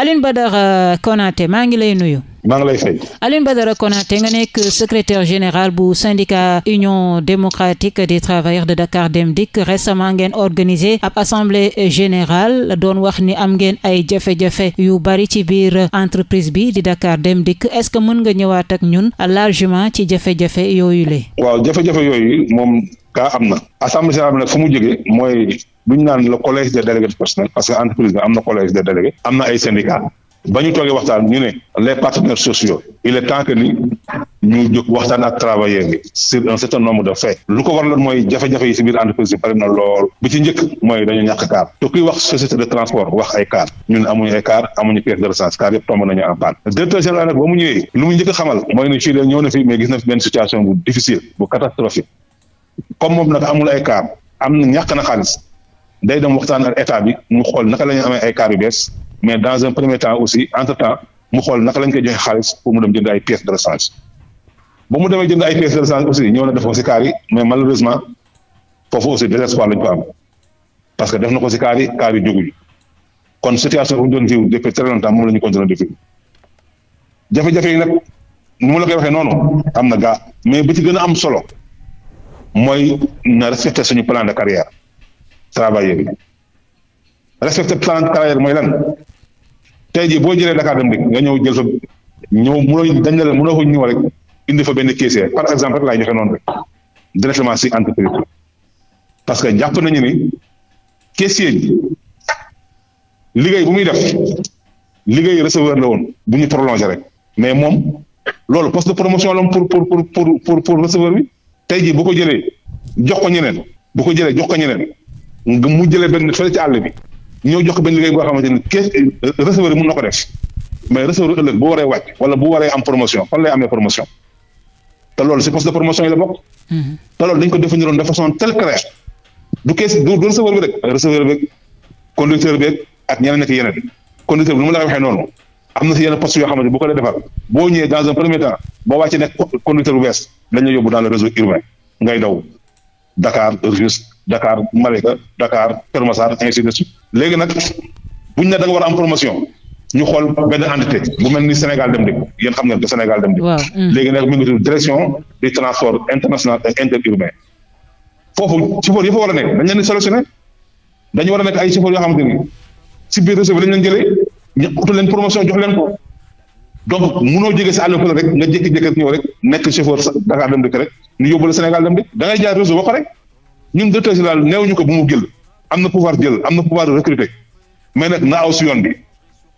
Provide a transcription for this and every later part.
Alioune Badara euh, Konaté maa ngi lay nuyu. maa ngi lay fay. Alioune Badara Konaté nga nekk secrétaire général bu syndicat Union démocratique des travailleurs de Dakar Dem Dikk récemment ngeen organisé ab assemblée générale doon wax ni am ngeen ay jafe-jafe yu bari ci biir entreprise bi di Dakar Dem Dikk est-ce que mën nga ñëwaat ak ñun largement ci jafe-jafe yooyu la. waaw jafe-jafe yooyu moom kaa am na. assemblée générale nag fu mu jógee mooy duñ naan le collège des délégués personnels parce que entreprise bi am na collège des délégués am na ay syndicats ba toogee waxtaan ñu ne les partenaires sociaux il est temps que ni ñu jóg waxtaan ak travailleurs yi sur un certain nombre de faits lu ko waraloon mooy jafe-jafe yi si entreprise bi bari na lool bi ci njëkk mooy dañu ñàkk car te kuy wax société de transport wax ay car ñun amuñu ay amuñu pièce de rechange ba mu ñëwee lu mu njëkk xamal moom nag amul ay car am na ñàkk na xaalis day dem waxtaan ak état bi mu xool naka la ñuy amee ay car yu bees mais dans un premier temps aussi entre temps mu xool naka lañ koy joxe xaalis pour mu dem jënd ay pièces de rechange ba mu demee jënd ay pièces de rechange aussi ñëw na def ko si car yi mais malheureusement foofu aussi désespoir lañ ko am parce que def na ko si car yi car kon situation bu ñu doon vivre depuis très moom la ñu continuer de vivre jafe-jafe yi nag mu la koy waxee noonu am na gaa mais bi ci gën a am solo mooy na respecter suñu plan de carrière travailleurs yi respecté plan travailleur mooy lan tey jii boo jëlee Dakar dem dik nga ñëw jël fa ñëw mënoo dañ la noo ko ñëw rek indi fa benn caissier par exemple rek laay joxe noonu rek directement si entreprise parce que jàpp nañu ni caissier bi liggéey bu muy def liggéey receveur la woon bu ñu prolongé rek mais moom loolu poste de promotion la pour pour pour pour pour receveur bi tey jii bu ko jëlee jox ko ñeneen bu ko jëlee jox ko ñeneen mu jëlee benn fële ci àll bi ñoo jox benn liggéey boo xamante ni kees receveur bi mën na ko def mais receveur ëllëg bu waree wàcc wala bu waree am promotion fan lay amee promotion te loolu si poste de promotion yi la bokk. Mm-hmm. te loolu dañ ko définiroon de façon telle claire du kees du receveur bi rek receveur bi conducteur waxee noonu. am na si yenn poste yoo xamante bu ko boo ñëwee dans un premier temps boo wàccee nekk bu bees la ñu yóbbu réseau urbain ngay daw Dakar Dakar Malika Dakar Kër Massar ainsi de léegi nag buñ ne da nga war a am promotion ñu xool benn entité bu mel ni Sénégal dem dikk yéen xam ngeen ko Sénégal dem dikk. waaw léegi nag mi ngi tudd direction du transport international et interurbain foofu chauffeur yi fa war a nekk dañ leen di solutionné dañu war a nekk ay chauffeur yoo xamante ni si biir réseau bi lañ leen jëlee ñu utu leen promotion jox leen ko. donc munoo jógee sa àll ba rek nga jékki-jékki rek ñëw rek nekk chauffeur Dakar dem dikk rek ñu Sénégal dem dikk da jaar réseau ba pare. ñun directeur général néew ñu ko bu mu jël am na pouvoir jël am na pouvoir de recruter mais na aw si yoon bi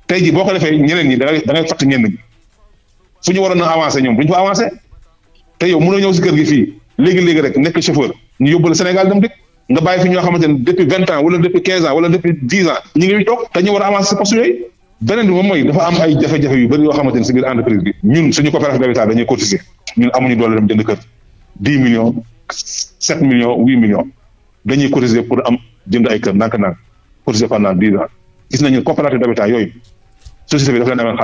tey jii boo ko defee ñeneen ñi da ngay da ngay fàtt ñenn ñi fu ñu waroon a avancer ñoom bu ñu fa avancer te yow mënoo ñëw si kër gi fii léegi léegi rek nekk chauffeur ñu yóbbu la Sénégal dem dikk nga bàyyi fi ñoo xamante ne depuis vingt ans wala depuis quinze ans wala depuis dix ans ngi toog te ñu war a avancer si poste yooyu beneen bi moom mooy dafa am ay jafe-jafe yu bëri yoo xamante ne si biir entreprise bi ñun suñu coopérative d'habitat dañuy cotiser ñun amuñu doole dem jënd kër dix sept o huit millions dañuy cotiser pour am jënd ay kër ndànk-ndànk cotiser pendant dix ans gis nañu coopérative d'habitat yooyu société bi dafa leen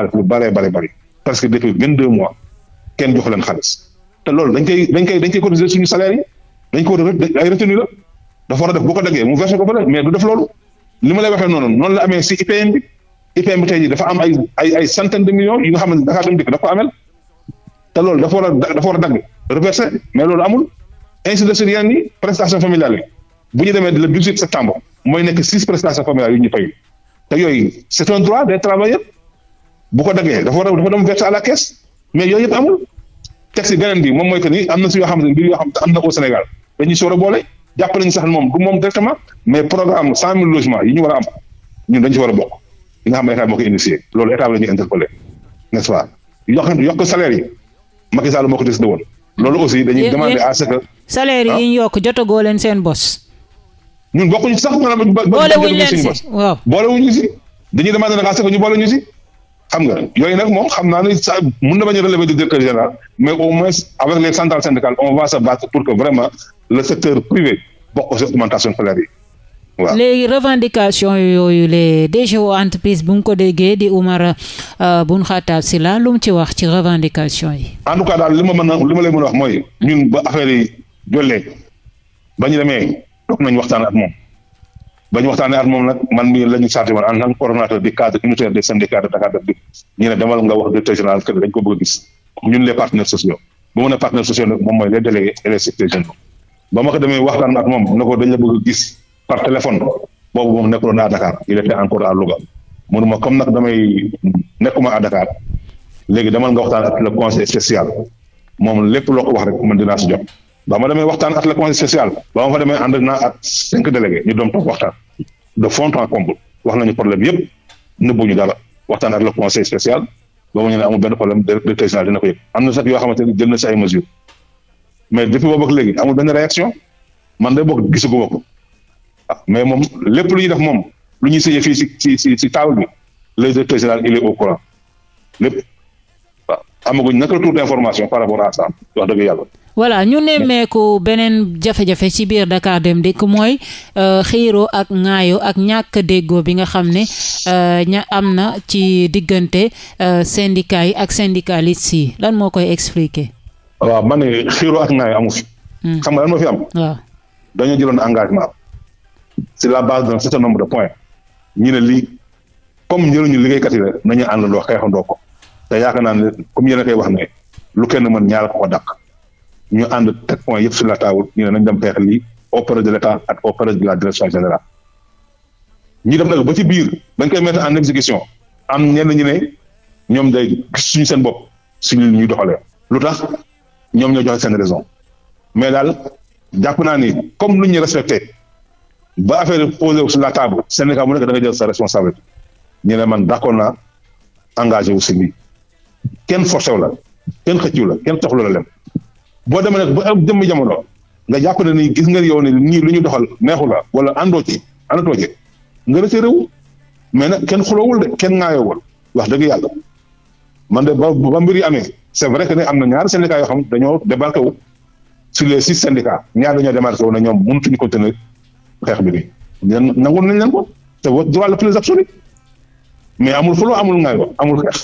leen xaalis te loolu dañ koy dañ suñu salaire dañ ko war a a def boo ko daggee mu versé ko fa mais du def loolu li ma noonu noonu la amee si IPM bi IPM bi tey jii dafa am ay ay de millions yi nga xam ne Dem Dikk dafa ko amel te loolu dafa a dagg reversé mais loolu amul ainsi de suite yeneen yi prestation familiale yi bu ñu demee le dix huit septembre mooy nekk six prestations familiales yu ñu fayu te yooyu c' est un droit des daggee dafa war a dem verser la caisse mais yooyu yëpp amul texte beneen bi moom mooy que ni am na si yoo xam ne mbir yoo xam ne am na au Sénégal dañuy soor a boole jàpp nañu sax moom du moom directement mais programme cent mille logements yi ñu war a am ñun dañu si war a bokk yi nga xam ne état moo ko initié loolu état bi la ñuy interpellé n' est ce pas woon loolu aussi dañuy demander à ce que. salaire yi ah. ñu yokk jotagoo leen seen bos. ñun bokkuñu sax maanaam. boolewuñu leen si waaw boolewuñu si dañuy demander nag à ñu boole ñu si. xam nga yooyu nag moom xam naa ne sa mën na a relever du directeur mais au moins avec les centrales syndicales on va se battre pour que vraiment le secteur privé bokk aux augmentations salaires waaw léegi revendication yooyu les DGO entreprise bu ñu ko déggee di Oumar euh, Boun Khatab Sylla lu mu ci wax ci revendication yi. en tout cas daal li ma mën a ma leen mën a wax mooy ñun ba affaire yi jollee ba ñu demee toog nañu waxtaan ak moom ba ñu waxtaanee ak moom nag man mii la ñu sant man en tant que coordonnateur cadre wax ko bëgg gis ñun les partenaires sociaux bu mu ne partenaires sociaux nag moom mooy les délégués et les secrétaires généraux ba ma ko demee waxtaan ak moom ne ko dañ la bëgg a gis. par téléphone boobu moom nekkuloon naa Dakar il était encore à Louga mënuma comme nag damay nekkuma à Dakar léegi demal nga waxtaan ak le conseil spécial moom lépp loo ko wax rek man dinaa si jot ba ma demee waxtaan ak le conseil spécial ba ma fa demee ànd naa ak cinq délégués ñu doon toog waxtaan de fond en comble wax nañu problème yëpp nëbbuñu dara waxtaan ak le conseil spécial ba ma ñu ne amul benn problème directeur général dina ko yëg am na sax yoo xamante ne jël na si ay mesures mais depuis boobu ak léegi amul benn réaction man de bokk gisaguma ko mais moom lépp lu ñuy def moom lu ñu sëyee fii si si bi le directeur général il est au courant lépp waaw amaguñ naka tour d'information par rapport à ça wax dëgg yàlla. voilà ñu nemmeeku beneen jafe-jafe ci biir Dakar Dem Dikk mooy euh, xiiro ak ŋaayoo ak ñàkk déggoo bi nga xam ne euh, ña am na ci diggante euh, syndicat yi ak syndicalistes yi lan moo koy expliquer. waaw man ne xiiroo ak ŋaayoo amu fi. Hmm. xam nga lan moo fi am. waaw dañoo jëloon engagement. sur la base d'un certain nombre de points ñu ne lii comme njëriñu liggéeykat yi la nañu àndandoo xeexandoo ko te yaakaar naa ne comme yéen a koy wax ne lu kenn mën ñaar ko ko dàq ñu ànd teg point yëpp sur la table ñu ne nañ dem xeex lii auprès de l'État ak auprès de la ñu dem nag ba ci biir dañ koy mettre en exécution am ñenn ñu ne ñoom day gis seen bopp suñu ñuy doxalee lu tax ñoom ñoo joxe seen raison mais daal jàpp naa ni comme lu ñu respecté ba affaire posé wu sur la table Sénégal mu nekk da nga jël sa responsabilité ñu ne man d'accord naa engagé wu si lii kenn forcé wu la kenn xëcciw la kenn taxul la lem boo demee nag ba jëmm jamono nga jàpp ne ni gis nga yow ne nii lu ñu doxal neexu la wala àndoo ci àndatoo ci nga rëcc réew mais nag kenn wul de kenn wul wax dëgg yàlla man de ba ba mbir yi amee c'est vrai que ne am na ñaar syndicats yoo xam dañoo débarqué wu sur les six syndicats ñaar dañoo démarqué wu ne ñoom mënatuñu continuer xeex bi nii ñun nañ leen ko te votre droit le plus absolu mais amul xuloo amul ngaayoo amul xeex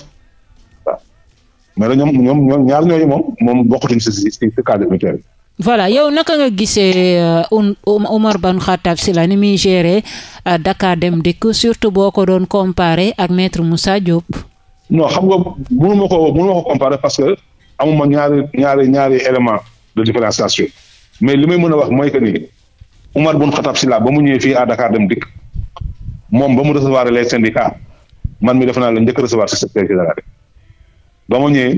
waaw ñoom ñoom ñoom ñaar ñooñu moom moom bokkatuñ si si si cadre militaire bi. voilà yow naka nga gisee Oumar euh, um-, Ban Khattab Sylla ni muy gérer euh, Dakar Dem Dikk surtout boo ko doon comparé ak maître Moussa Diop. non xam nga mënu ma ko mënu ma parce que amuma ñaari ñaari ñaari élément de différenciation mais li may mën a wax mooy que ni Umar bun Xatab Sila ba mu ñëwee fii à Dakar dem dikk moom ba mu recevoir les syndicats man mi def naa la njëkk recevoir si secrétaire général ba mu ñëwee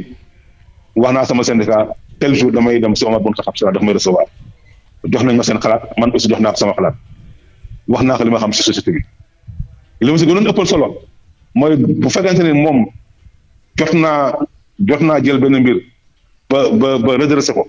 wax naa sama syndicat tel jour damay dem si Omar bun Xatab Sila daf may recevoir jox nañ ma seen xalaat man aussi jox naa ko sama xalaat wax naa ko li ma xam si société bi si gënoon ëppal solo mooy bu fekkente ne moom jot naa jot naa jël benn mbir ba ba ba redressé ko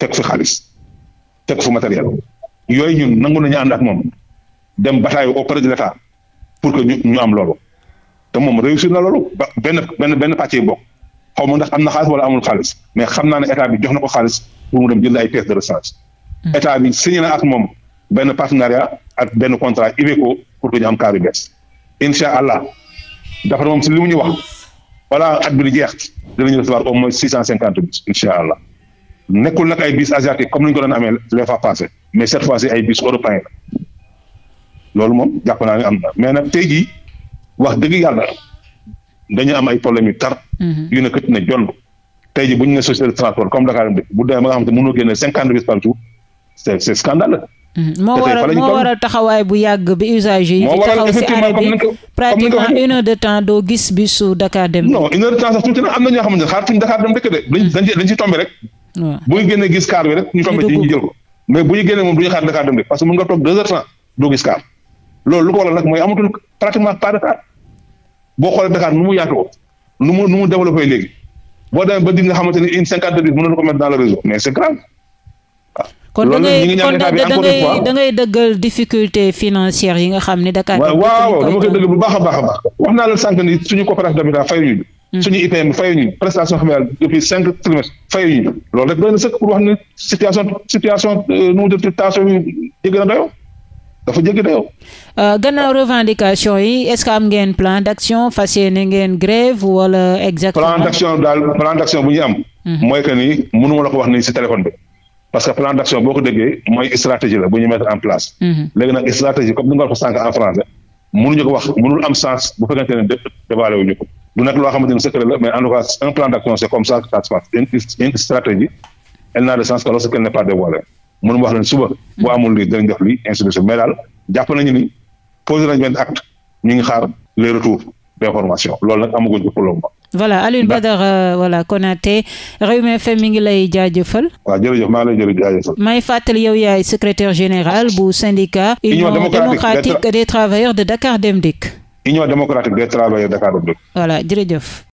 teg fi xaalis teg fi matériel yooyu ñun nangu nañu ànd ak moom dem bataayu auprès de l'État pour que ñu ñu am loolu te moom réussir na loolu ba benn benn benn pàcc bokk xaw ma ndax am na xaalis wala amul xaalis mais xam naa ne état bi jox na ko xaalis pour mu dem jënd ay pièces de rechange. Hmm. état bi signé na ak moom benn partenariat ak benn contrat Iveco pour que ñu am kaar yu bees incha allah dafa moom si li mu ñu wax balaa at bi di jeex dinañu recevoir au moins six cent cinquante mille incha allah. nekkul nag ay bus asiatique comme ni ñu ko doon amee les ay bus européen la loolu moom jàpp naa ne am na mais nag tey jii wax dëgg yàlla dañu am ay problèmes yu tar. Mhm. yu ne këtt na jond tey jii bu ne société de transport comme Dakar bu dee nga xam te mënoo génne cinquante bus par c'est c'est mhm. moo waral taxawaay bu yàgg bi usager yi. moo waral effectivement comme pratiquement une heure de temps doo gis bisu Dakar dem. non une heure de temps sax am na ñoo xamante ne xaar tuñ Dakar dem bu ñu génnee gis kaar bi rek ñu tombé ci ñu jël ko mais bu ñu génnee moom du ñu xaar Dakar dem rek parce que mën nga toog deux heures temps doo gis kaar loolu lu ko waral nag mooy amatul pratiquement pas de kaar boo xoolee Dakar nu mu yaatoo nu mu nu mu développé léegi boo demee ba dig nga xamante ni une cinquante de minutes mënoon ko mettre dans le réseau mais c'est ah. kon da dëggal difficulté financière yi nga xam ne Dakar. waaw dëggal bu baax a baax a baax wax naa la sànq Mm. suñu IPM fayuñu prestation familiale depuis cinq trimestres fayuñu loolu rek doy na sëkk pour wax ne situation situation euh, nu def tension yi jéggi na dayoo dafa jéggi dayoo. Euh, gannaaw revendication yi est-ce que am ngeen plan d'action fas yéene ngeen grève wala exactement. daal plan d'action bu ñu am. Mm-hmm. mooy que ni mënuma la ko wax nii ci téléphone bi. parce que plan d'action boo ko déggee mooy stratégie la bu ñu mettre en place. Mm-hmm. léegi nag stratégie comme ni ne dévalué ko. du nekk loo xamante ni secret la mais en tout cas un plan d'action c'est comme ça que ça se stratégie elle n'a de sens que lorsqu'elle n'est pas dévoilée mënuma wax leen suba bu amul lii dinañ def lii ainsi de suite mais daal jàpp ni posé nañ benn acte ñu ngi xaar les retours d'information loolu nag amaguñ ko pour le moment voilà Alioune Badara euh, voilà Konaté Rewmi FM mi ngi lay jaajëfal. waaw jërëjëf maa ngi lay jërëjëf jaajëfal. may fàttali yow yaay secrétaire général bu syndicat. Union démocratique des travailleurs de Dakar Dem Union démocratique des travailleurs Dakar Dem Dikk. voilà jërëjëf.